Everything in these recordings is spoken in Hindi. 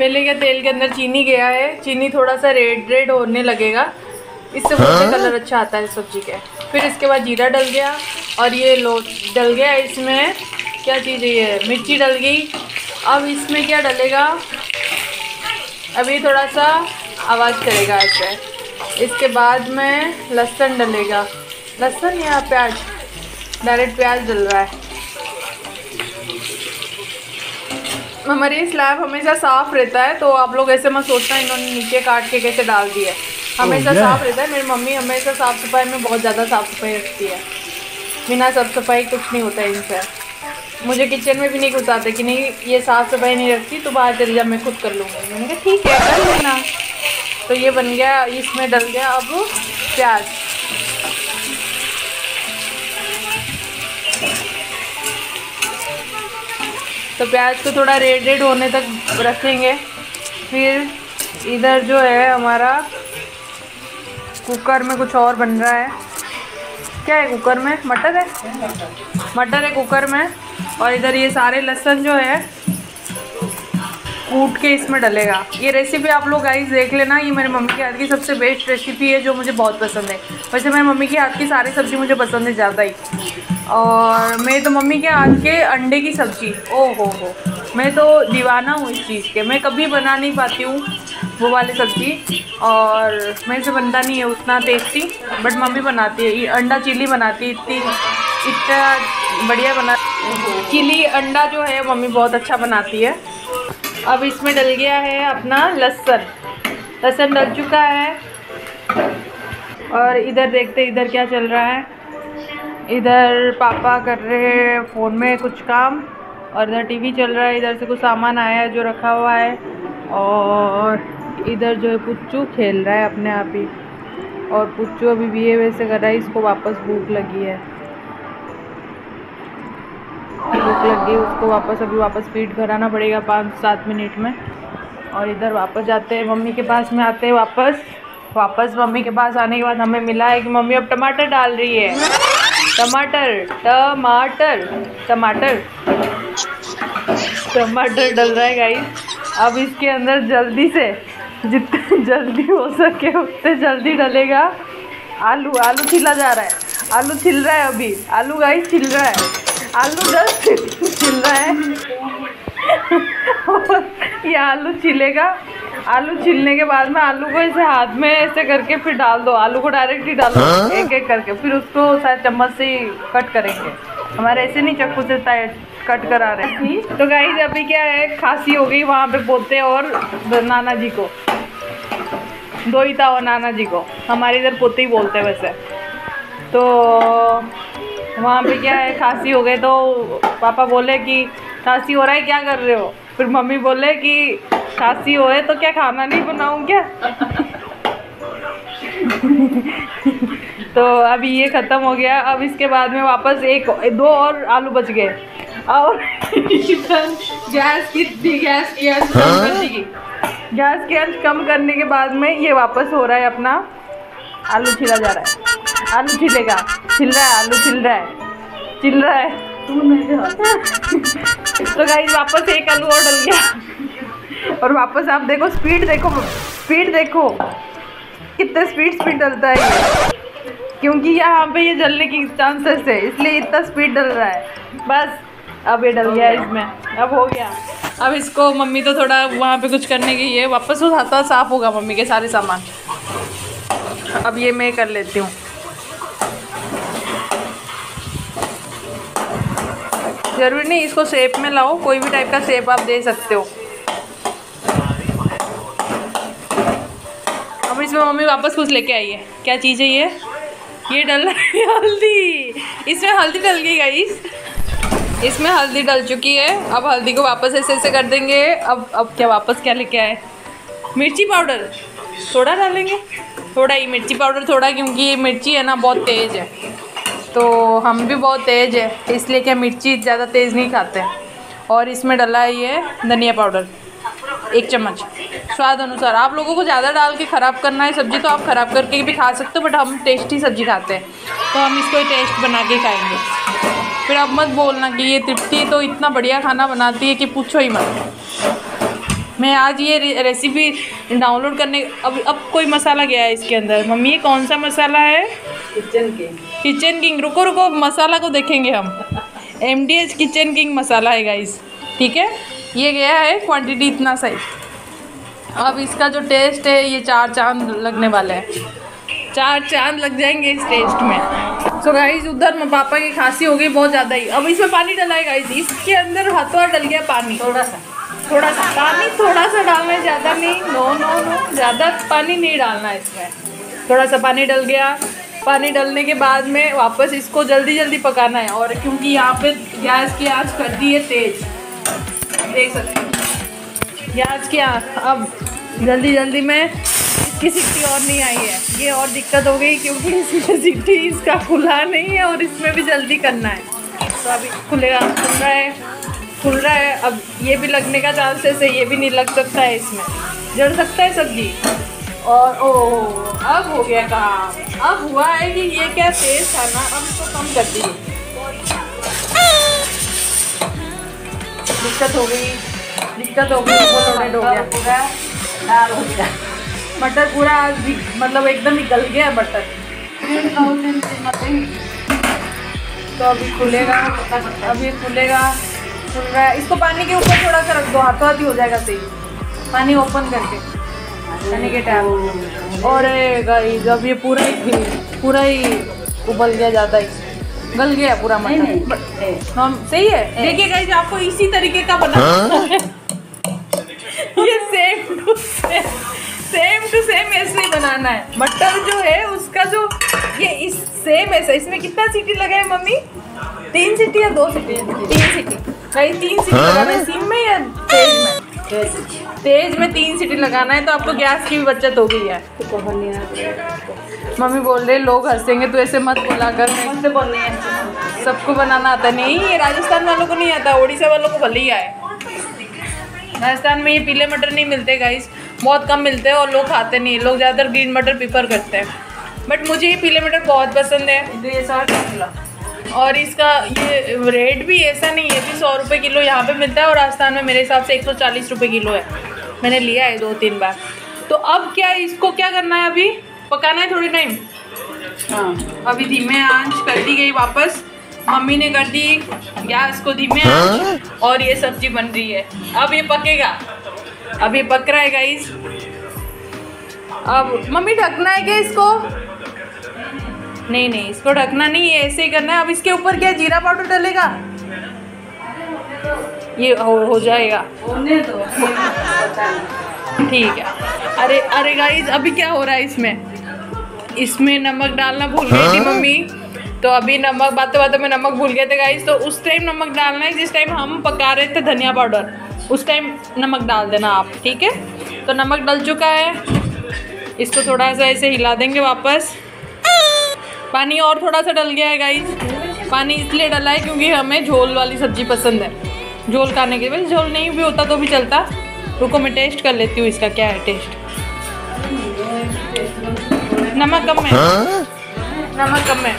पहले क्या तेल के अंदर चीनी गया है चीनी थोड़ा सा रेड रेड होने लगेगा इससे बहुत कलर हाँ? अच्छा आता है सब्जी के फिर इसके बाद जीरा डल गया और ये लो डल गया इसमें क्या चीज़ है ये मिर्ची डल गई अब इसमें क्या डलेगा अभी थोड़ा सा आवाज़ करेगा ऐसे इसके बाद में लहसन डलेगा लहसन या प्याज डायरेक्ट प्याज डल रहा है हमारे स्लैब हमेशा साफ रहता है तो आप लोग ऐसे मत सोचना इन्होंने नीचे काट के कैसे डाल दिया हमेशा साफ रहता है मेरी मम्मी हमेशा साफ सफाई में बहुत ज़्यादा साफ सफाई रखती है बिना साफ सफाई कुछ नहीं होता है इनसे मुझे किचन में भी नहीं घुसाते कि नहीं ये साफ सफाई नहीं रखती तो बाहर चले जा मैं खुद कर लूँगी मैंने कहा ठीक है कर लेना तो ये बन गया इसमें डल गया अब प्याज तो प्याज को थोड़ा रेड रेड होने तक रखेंगे फिर इधर जो है हमारा कुकर में कुछ और बन रहा है क्या है कुकर में मटर है मटर है कुकर में और इधर ये सारे लहसन जो है कूट के इसमें डलेगा ये रेसिपी आप लोग गाइस देख लेना ये मेरे मम्मी के हाथ की सबसे बेस्ट रेसिपी है जो मुझे बहुत पसंद है वैसे मेरे मम्मी के हाथ की सारी सब्ज़ी मुझे पसंद है ज़्यादा ही और मैं तो मम्मी के हाथ के अंडे की सब्ज़ी ओ हो हो मैं तो दीवाना हूँ इस चीज़ के मैं कभी बना नहीं पाती हूँ वो वाली सब्ज़ी और मेरे से बनता नहीं है उतना टेस्टी बट मम्मी बनाती है अंडा चिली बनाती है इतनी इतना बढ़िया बना चिली अंडा जो है मम्मी बहुत अच्छा बनाती है अब इसमें डल गया है अपना लहसुन लहसुन डल चुका है और इधर देखते इधर क्या चल रहा है इधर पापा कर रहे हैं फ़ोन में कुछ काम और इधर टीवी चल रहा है इधर से कुछ सामान आया है जो रखा हुआ है और इधर जो है पुच्चू खेल रहा है अपने आप ही और पुच्चू अभी बी ए वैसे कर रहा है इसको वापस भूख लगी है भूख लगी उसको वापस अभी वापस फीड कराना पड़ेगा पाँच सात मिनट में और इधर वापस जाते हैं मम्मी के पास में आते हैं वापस वापस मम्मी के पास आने के बाद हमें मिला है कि मम्मी अब टमाटर डाल रही है टमाटर टमाटर टमाटर टमाटर डल रहा है गाइस अब इसके अंदर जल्दी से जितने जल्दी हो सके उतने जल्दी डलेगा आलू आलू छिला जा रहा है आलू छिल रहा है अभी आलू गाइस छिल रहा है आलू दस छिल रहा है ये आलू छिलेगा आलू छिलने के बाद में आलू को ऐसे हाथ में ऐसे करके फिर डाल दो आलू को डायरेक्ट ही डाल दो हाँ? एक एक करके फिर उसको शायद चम्मच से कट करेंगे हमारे ऐसे नहीं चक्कू से कट करा रहे तो गाइज अभी क्या है खांसी हो गई वहाँ पे बोलते और नाना जी को दोईता और नाना जी को हमारे इधर पोते ही बोलते वैसे तो वहाँ पे क्या है खांसी हो गई तो पापा बोले कि खांसी हो रहा है क्या कर रहे हो फिर मम्मी बोले कि शासी हो तो क्या खाना नहीं बनाऊँ क्या तो अभी ये ख़त्म हो गया अब इसके बाद में वापस एक दो और आलू बच गए और गैस हाँ? की गैस की अंश कम गैस की अंश कम करने के बाद में ये वापस हो रहा है अपना आलू छिला जा रहा है आलू छिलेगा छिल रहा है आलू छिल रहा है छिल रहा है तो गाइस वापस एक आलू और डल गया और वापस आप देखो स्पीड देखो स्पीड देखो कितना स्पीड स्पीड डलता है ये क्योंकि यहाँ पे ये जलने की चांसेस है इसलिए इतना स्पीड डल रहा है बस अब ये डल गया इसमें अब हो गया अब इसको मम्मी तो थोड़ा वहाँ पे कुछ करने की है वापस उठाता साफ होगा मम्मी के सारे सामान अब ये मैं कर लेती हूँ ज़रूरी नहीं इसको सेप में लाओ कोई भी टाइप का सेप आप दे सकते हो अब इसमें मम्मी वापस कुछ लेके आई है क्या चीज़ है ये ये डल रही है हल्दी इसमें हल्दी डल गई गई इसमें हल्दी डल चुकी है अब हल्दी को वापस ऐसे ऐसे कर देंगे अब अब क्या वापस क्या लेके आए मिर्ची पाउडर थोड़ा डालेंगे थोड़ा ही मिर्ची पाउडर थोड़ा क्योंकि ये मिर्ची है ना बहुत तेज़ है तो हम भी बहुत तेज़ है इसलिए क्या मिर्ची ज़्यादा तेज़ नहीं खाते और इसमें डला है ये धनिया पाउडर एक चम्मच स्वाद अनुसार आप लोगों को ज़्यादा डाल के ख़राब करना है सब्ज़ी तो आप ख़राब करके भी खा सकते हो बट हम टेस्टी सब्ज़ी खाते हैं तो हम इसको टेस्ट बना के खाएंगे फिर आप मत बोलना कि ये तृप्ति तो इतना बढ़िया खाना बनाती है कि पूछो ही मत मैं आज ये रे, रेसिपी डाउनलोड करने अब अब कोई मसाला गया है इसके अंदर मम्मी ये कौन सा मसाला है किचन किंग किचन किंग रुको रुको मसाला को देखेंगे हम एम किचन किंग मसाला है गाइस ठीक है ये गया है क्वांटिटी इतना सही अब इसका जो टेस्ट है ये चार चांद लगने वाला है चार चांद लग जाएंगे इस टेस्ट में सो गाइज उधर पापा की खांसी हो गई बहुत ज़्यादा ही अब इसमें पानी डला है गाइज इसके अंदर हाथों डल गया पानी थोड़ा सा थोड़ा सा पानी थोड़ा सा डालना है ज़्यादा नहीं नो नो नो ज़्यादा पानी नहीं डालना है इसमें थोड़ा सा पानी डल गया पानी डलने के बाद में वापस इसको जल्दी जल्दी पकाना है और क्योंकि यहाँ पे गैस की आँच कर दी है तेज़ देख सकते हो क्या अब जल्दी जल्दी में इसकी सीटी और नहीं आई है ये और दिक्कत हो गई क्योंकि इसमें सिक्टी इसका खुला नहीं है और इसमें भी जल्दी करना है तो अभी खुलेगा खुल रहा है खुल रहा है अब ये भी लगने का चांसेस है ये भी नहीं लग सकता है इसमें जड़ सकता है सब्जी और ओ अब हो गया काम अब हुआ है कि ये क्या तेज़ था ना अब इसको कम कर दीजिए दिक्कत हो गई दिक्कत हो गई हो गया तो हो गया मटर पूरा मतलब एकदम ही गल गया मटर तो अभी खुलेगा अभी खुलेगा खुल रहा है इसको पानी के ऊपर थोड़ा सा रख दो हाथों हाथ ही हो जाएगा सही पानी ओपन करके पानी के टाइम और गाइस अब ये पूरा ही पूरा ही उबल गया जाता है गल गया पूरा मटन हम सही है देखिए गाइस आपको इसी तरीके का बना हाँ? ये same to same same to same ऐसे ही बनाना है मटर जो है उसका जो ये इस सेम ऐसा इसमें कितना सीटी लगाए मम्मी तीन सीटी या दो सीटी तीन सीटी कहीं तीन सीटी हाँ? लगाना सिम में या तेल में तेज में तीन सीटी लगाना है तो आपको गैस की भी बचत हो गई है मम्मी बोल रहे लोग हंसेंगे तो ऐसे मत बोला कर सबको बनाना आता नहीं ये राजस्थान वालों को नहीं आता उड़ीसा वालों को भले ही आए राजस्थान में ये पीले मटर नहीं मिलते गाइस बहुत कम मिलते हैं और लोग खाते नहीं लोग ज़्यादातर ग्रीन मटर प्रीफर करते हैं बट मुझे ये पीले मटर बहुत पसंद है ये सारा और इसका ये रेट भी ऐसा नहीं है कि सौ रुपये किलो यहाँ पे मिलता है और राजस्थान में मेरे हिसाब से एक सौ चालीस रुपये किलो है मैंने लिया है दो तीन बार तो अब क्या इसको क्या करना है अभी पकाना है थोड़ी टाइम हाँ अभी धीमे आंच कर दी गई वापस मम्मी ने कर दी गैस को धीमे हाँ? आंच और ये सब्जी बन रही है अब ये पकेगा अब ये पक रहा है गाइस अब मम्मी ढकना है क्या इसको नहीं नहीं इसको ढकना नहीं है ऐसे ही करना है अब इसके ऊपर क्या जीरा पाउडर डलेगा ये हो, हो जाएगा ठीक है अरे अरे गाइस अभी क्या हो रहा है इसमें इसमें नमक डालना भूल गई थी हाँ। मम्मी तो अभी नमक बातों बातों में नमक भूल गए थे गाइस तो उस टाइम नमक डालना है जिस टाइम हम पका रहे थे धनिया पाउडर उस टाइम नमक डाल देना आप ठीक है तो नमक डल चुका है इसको थोड़ा सा ऐसे हिला देंगे वापस पानी और थोड़ा सा डल गया है गाइज पानी इसलिए डला है क्योंकि हमें झोल वाली सब्जी पसंद है झोल खाने के बस झोल नहीं भी होता तो भी चलता रुको मैं टेस्ट कर लेती हूँ इसका क्या है टेस्ट नमक कम है हाँ? नमक कम है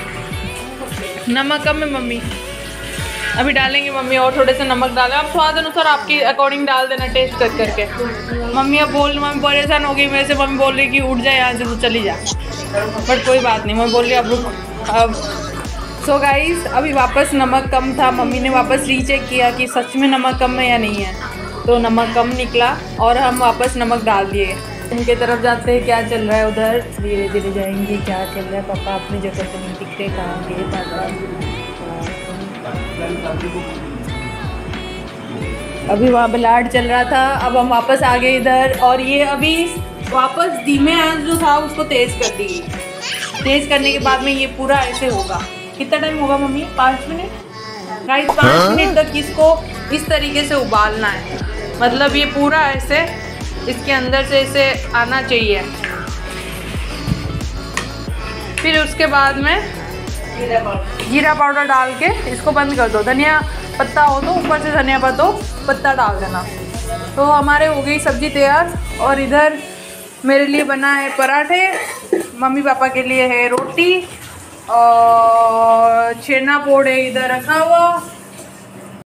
नमक कम है मम्मी अभी डालेंगे मम्मी और थोड़े से नमक डाले आप स्वाद अनुसार आपके अकॉर्डिंग डाल देना टेस्ट कर करके मम्मी अब बोल मम्मी परेशान हो गई मेरे से मम्मी बोल रही कि उठ जाए यहाँ से तो चली जा बट कोई बात नहीं मैं बोल रही अब रुक अब सो गाइज गाइस अभी वापस नमक कम था मम्मी ने वापस रीचेक किया कि सच में नमक कम है या नहीं है तो नमक कम निकला और हम वापस नमक डाल दिए उनके तरफ जाते हैं क्या चल रहा है उधर धीरे धीरे जाएंगे क्या चल रहा है पापा अपनी जगह पर नहीं दिख रहे कहाँ गए पापा अभी वहाँ बलाड चल रहा था अब हम वापस आ गए इधर और ये अभी वापस धीमे आंच जो था उसको तेज़ कर दी तेज़ करने के बाद में ये पूरा ऐसे होगा कितना टाइम होगा मम्मी पाँच मिनट राइट पाँच हाँ? मिनट तक इसको इस तरीके से उबालना है मतलब ये पूरा ऐसे इसके अंदर से ऐसे आना चाहिए फिर उसके बाद में जीरा पाउडर डाल के इसको बंद कर दो धनिया पत्ता हो तो ऊपर से धनिया पत्ता पत्ता डाल देना तो हमारे हो गई सब्जी तैयार और इधर मेरे लिए बना है पराठे मम्मी पापा के लिए है रोटी और छेना पोड़े इधर रखा हुआ